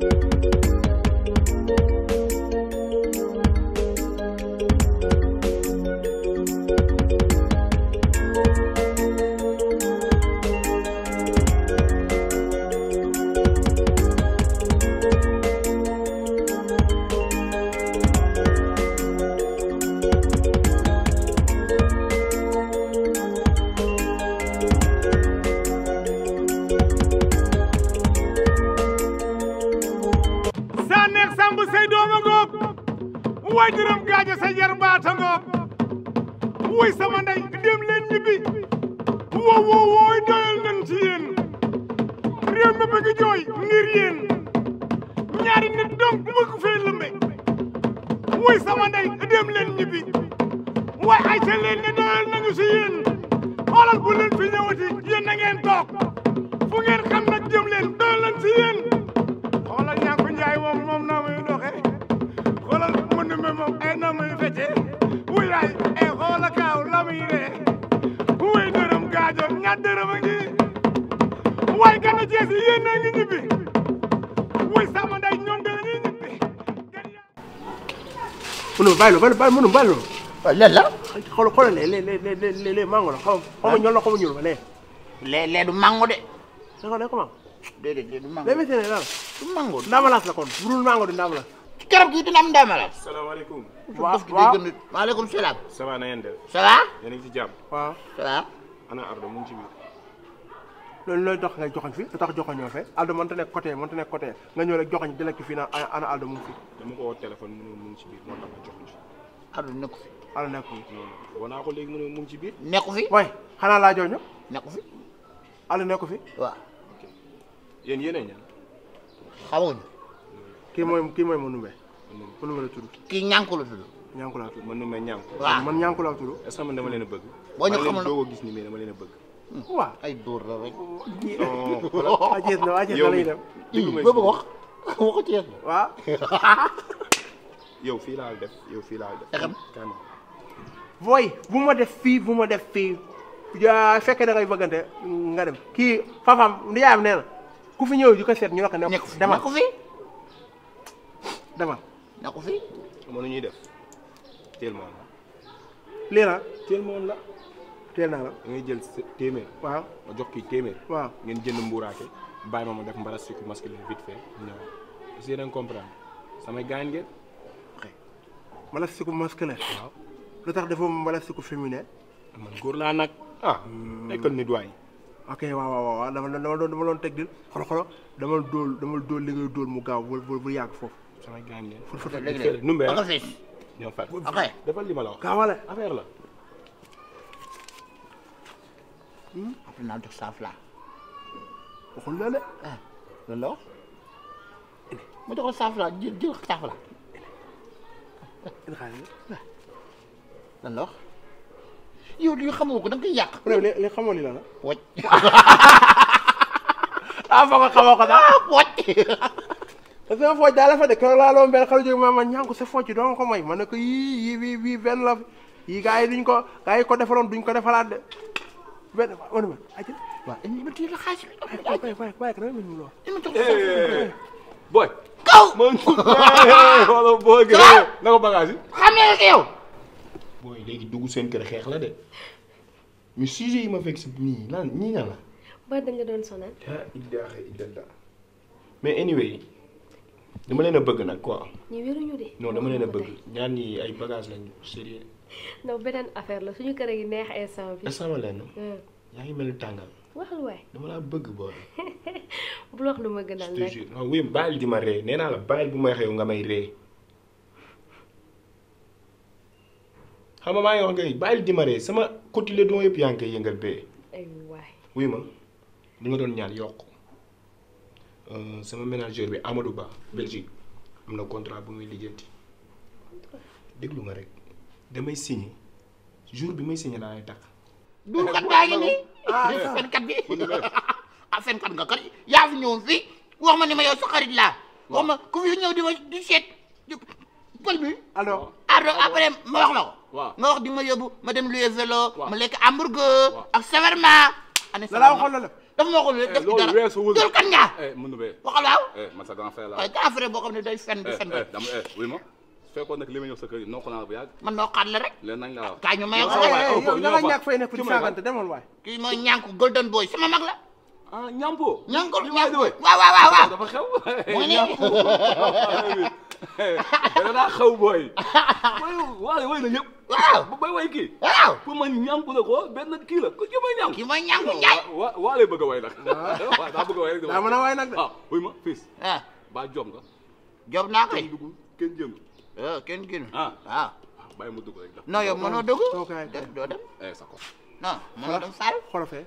Thank you. sa jarbaata ngoog wuy sama ndey dem leen ñibbi wow wow wooy doyal nañ ci yéen réew mi bëgg jooy ngir yéen ñaari nit donc bëgg fee lëmbe wuy sama ndey dem leen ñibbi waaye ay ca leen ne doyal nañu si yéen xoolal bu leen fi ñëwati yéen na ngeen toog fu ngeen xam nag jëm leen doyal nañ si yéen xoolal ñàkk njaay moom moom naa muy doxee xoolal mu ne moom ay na Oh, la kaaw la muy ree way dërëm gaajo ña dërëm a ngi way gana jeesi yéen a ngi ñibbi way sama nday ñoom da ñuy ñibbi mënum bàyyiloo bàyyiloo bàyyiloo mënum bàyyiloo lan la xool xoolal le le le le le le mango la xaw ma ñool la xaw ma le le le lee lee du mango de d'accord d'accord déedéet du mango le metti ne daal du mango ndaamalaas la kon bu dul mango du ndaamalaas garab gi dina am ndam la. salaamaaleykum. waaw waaw maaleykum salaam. ça va na ngeen def. ça va. a ngi ci jàmm. waaw ça ana Ardo mu ngi ci biir. loolu looy dox ngay joxoñ fi lu tax joxoñoo fe Ardo mënta nekk côté mënta nekk côté nga ñëw rek joxoñ dina ki fii naan ana Ardo mu ngi fi. dama ko woo téléphone mu ne mu ngi ci biir moo tax ma joxoñ fi. Ardo nekk fi. Ardo nekk fi. naa ko léegi mu mu ngi ci biir. nekk fi. mooy xanaa laa jooñu. nekk fi. Ardo fi. waaw. ok yéen ñaan kii mooy kii mooy Manoumbé. Manoumbé la tudd. kii ñànku la tudd. ñànku laa tudd Manoumbé ñànku. waaw man ñànku laa tudd. est-ce que man dama leen a bëgg. boo ñu xamul maa leen doog a gis ni mais dama leen a bëgg. waaw ay dóor la rek. Oh. ajees na ajees na la ñuy dem. yow mi bëgg wax waxu ci yees na. waaw. yow fii laa def yow fii laa def. xam nga. booy bu ma def fii bu ma def fii. yaa fekkee da ngay bëggante nga dem kii Fafam ndiyaayam nee na ku fi ñëw di ko seet ñu la ko nekk. nekk fi demal na ko fi mo ñuy def tel mo la leena tel mo la tel na la ngay jël témèr waaw ma jox ki témèr waaw ngeen jënd mburaaké bay ma ma def mbaras ci masculine vite fait ñëw ci yeen comprendre samay gañ ngeen xé mbaras ci masculine waaw lutax defo mbaras ci féminin man goor la nak ah hmm. nekkal nit way ok waaw waaw waaw dama dama doon dama doon teg dil xol xol dama dool dama dool li ngay dool mu gaaw wul wul yàgg sama gaañ leen. ful ful léegi-léegi li ma la wax. kaawale la. Hmm? après ah, naa ah. la de. jox ko saaf laa jël la wax. yow li xamoo ko da nga koy yàq. li li xamoo la la. wócc. ah foog nga xamoo ko sax ah, wócc. te sama fooj daa la fa de keroog laa loon benn xale jóg ma ma ñànku sa fooj doo ko may ma ne ko yii yii benn la yii gars yi duñ ko gars yi ko defaloon duñ ko defalaat de benn ma ne ma ajë waaw ma tuuti la xaalis bàyyi bàyyi bàyyi ko boo gënee na ko bagage yi xamee ak yow booy léegi dugg seen kër xeex la de mais sujet ma fekk si nii lan na la ba dañ la doon sonal la ilaha illallah mais anyway dama leen a bëgg nag quoi. ñu de. non dama leen a bëgg ñaan yi ay bagage lañu sérieux. non beneen affaire la suñu kër gi neex instant bi. instant ma leen. Hmm. yaa ngi mel ni tàngal. waxal waay dama laa bëgg booy. bul wax lu ma gënal nag. je te jure ma ree nee naa la bu may xew nga may ree. xam nga maa nga wax ngay bàyyil di ma ree sama côté la yëpp yaa ngi koy yëngal bee. ay waay. wuy ma li nga doon ñaan yokk. Euh, sama manager bi Amadou Ba Belgique am na contrat bu muy lijjanti déglu ma rek damay signé jour bi may signé laa lay takk. duurkat ah, fenkat bi ah fenkat nga kat yaa fi ñëw fii wax ma ne ma yow sa xarit laa. wax ma ku fi ñëw di ma di seet pël bi. alors ah, ah, après ma wax la nga wax di ma yóbbu ma dem luy vélo. ma lekk hamburger. ak shawarma. ana dafa ma ko lu eh, def ci dara loolu kan nga. mën na bee waxal waaw. Eh, man sax dama fay la waaye grand frère boo xam ne day fen di eh, fen. dama wuy ma su fekkoon nag li ma ñëw sa kër yi noqu man noqaat la rek. leen nañ la waaw kaa ñu may ko. yow da nga ñàkk fay nekk ci saagante demal waay. kii mooy sama mag la. ah ñampo. ñankul ñampo waaw waaw waaw. dafa xew. da daa xaw booy. waaye woy na ñëpp. waaw bay woy kii. waaw pour ma ñànku la ko benn kii la kii ma ñànku. kii ma ñànku Ndiaye. wa waa lay bëgg a woy nag. waaw daa bëgg a woy rek. daa mën a woy nag de. ah wuy ma fils. ah ba jom nga. jom naa koy kenn dugg kenn jëm. ah kenn génn. ah waaw. bàyyi ma dugg rek. non yow mënoo dugg. doo doo dem. eh sa ko. non mënoo dem Sall. xolofee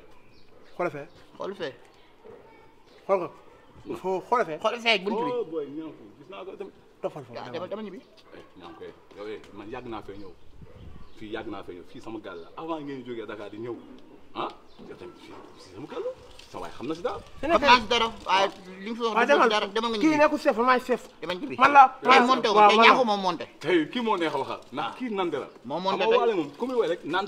xolofee. xolofee. xol ko. foo xolofee. xolofee buntu bi. naa ko tofal fa. dama dama ñibbi. Eh, non kay yow eh, man yàgg naa fee naa fee ñëw sama gaal la avant ngeen di ñëw ah yow tamit fii fii sama sa waay xam li nga fi wax dara dama nga ñibbi kii nekkul chef maay chef. dama ñibbi man la waaw moo neex a waxal ndax nga moom ku muy woy rek naa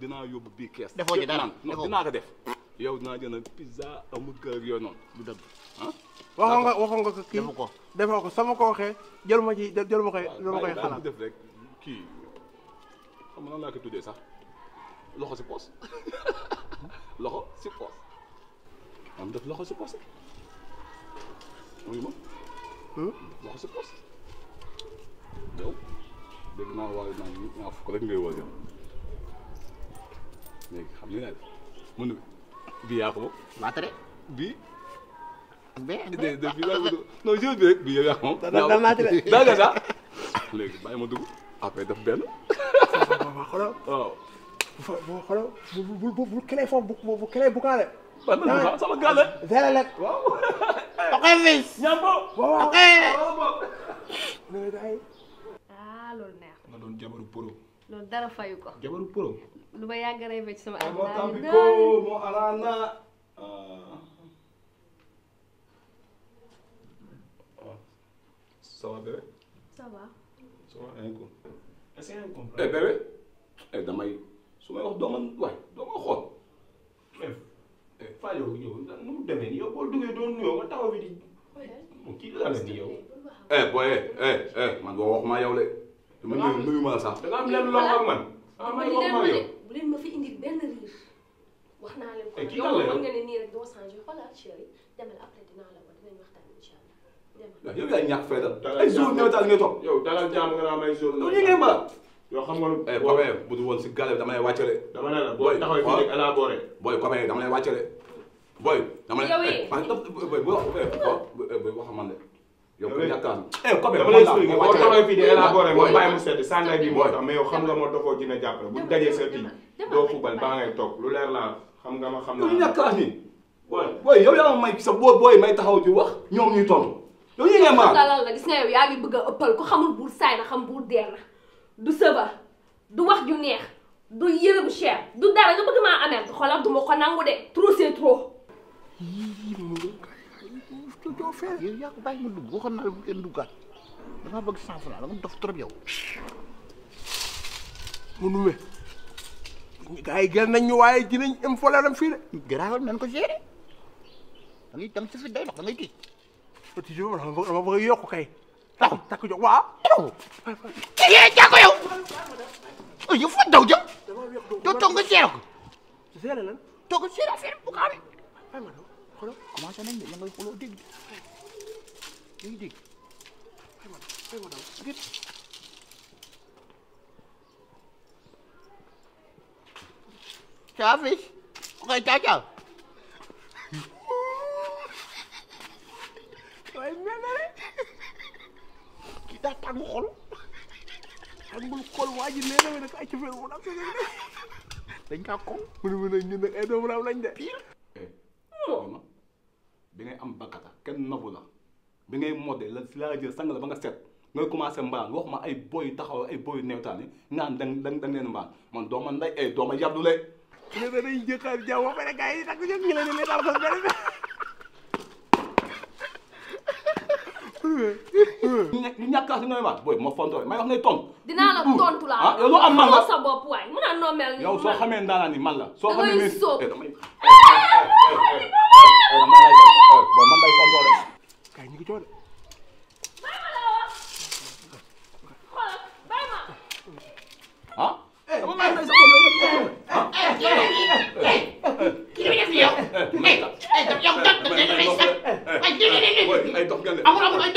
dinaa yóbbu bii kees. defoo ci dara dinaa ko def y a une pizza amul kër du dëgg ah waxoon nga nga ko ko ko sama ko jël ma ci jël ma koy jël ma koy xalaat def rek kii Tu nan ko tuddee sax loxo si poos loxo si poste. am def loxo si poos muy ma hmm? loxo si Tu yow dégg naa waaye rek ngay woo xam bii yaa ko moom. maa tere bii. bi yaa ko moom. daal maa tere daal nga sax léegi def benn. bu xoolal bu bu bu këlee bu bu këlee bu kaale. waaw sama gàll. zéro lekk. waaw. ok Fils. ñambo. waaw ok. ah loolu neex. nga doon poro. loolu dara fayu ko. jabaru pro. lu ma yàgg rêvé ci sama. am naa ni moo alaana. Ah. Ah. ça va bébé. ça va. ça va ko. est-ce que yaa ngi comprendre. eh bébé. eh damay su may wax doo ma waay doo ma xool. eh Faye yow yow nu mu demee nii yow boo duggee doo nuyoo nga taxaw bi di. kii la la nii yow. eh booy eh eh man boo waxuma yow le dama nuyu nuyu ma sax. da nga am lenn loo ak man. ah man loo ma yow bu leen ma fi indil benn riir. wax naa leen ko nag yow mën nga ne nii rek doo changé xoolal chéri demal après dinaa la wax dinañ waxtaan incha allah. yow yaa ñàkk fayda ay zone nawetaan ngay toog. yow dalal jàmm nga naa may zone la. ñu ngi ma. yoo xam nga lu. Copain bu dul woon si gàllankoor dama lay wàccale. dama ne la booy taxaw fii rek élaboré. booy Copain dama lay wàccale. booy. dama lay yow yi booy booy boo xam man de yow ko yaakaar eh comme dama lay ma bàyyi mu sedd sànday bi moo tax lu leer laa xam nga ma xam naa yow ñàkkaas ni booy yow yaa ma may sa boo booy may taxaw ci wax ñoom ñuy tontu yow ñu ne ma dalal yaa ngi bëgg a ëppal ku xamul buur saay na xam buur deer na du sëba du wax ju neex du yëre bu cher du dara nga bëgg maa amee xoolal du ma ko nangu de trop c'est trop doo feer ah, yow yaa ko bàyyi ma dugg waxoon naa bu kenn duggaat damaa bëgg cent franc dama dof trop yow. mu nume gars yi gën nañ ñu waaye dinañ am foleeram fii de. garaawal nañ ko gérer da ngay dem si fi day dox da ngay kii. yokk kay. taxaw takk jox waaw. taxaw kii yee jàkko daw jëm. doo toog nga gérer ko. gérer lan. toog nga gérer affaire bu ko 그래? 그만하자는 얘기 뭐 홀로 띵. 띵 띵. 그만. 그만. 스킵. Chấm đi Ok cháu chờ Tụi em nhớ đấy Kita tăng khốn Tăng bulu khốn quá gì lên đây Nó có ai chơi vụ lắm sao đấy Đánh cao cống Mình mình nhìn được em đâu mà làm lên đấy bi ngay am bakkata kenn nabu la bi ngay modde la si laa jël sang la ba nga set ngay commencé mbaal wax ma ay booy taxaw ay booy neewtaan yi naan da da da leen mbaal man dooma nday ay eh, dooma yàddule. mais dañuy jëkkaat jaww ba pare gars yi takk ñoom ñu leen di leen li ñàkk a normal booy ma fontoo may wax ngay tontu. dinaa la tontu la ah yow loo am man la sa bopp waay mun naa noo mel. yow soo xamee ndaanaa ni man la. soo xamee ni bon man day fontoo de. kay ñu ngi coono. ah. ah.